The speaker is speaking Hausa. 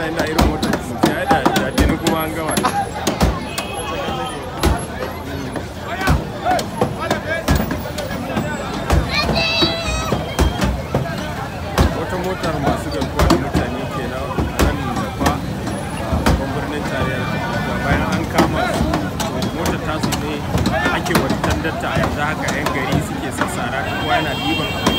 ana yin da irin motar sai ya da jajini kuma an gama wata motar masu garkuwa da mutane ke na kan dafa a babban tarayyar da bayan an kama su motar tasu ne ake wani tandatta a yanzu haka 'yan gari suke sassara kowa yana ɗiban abu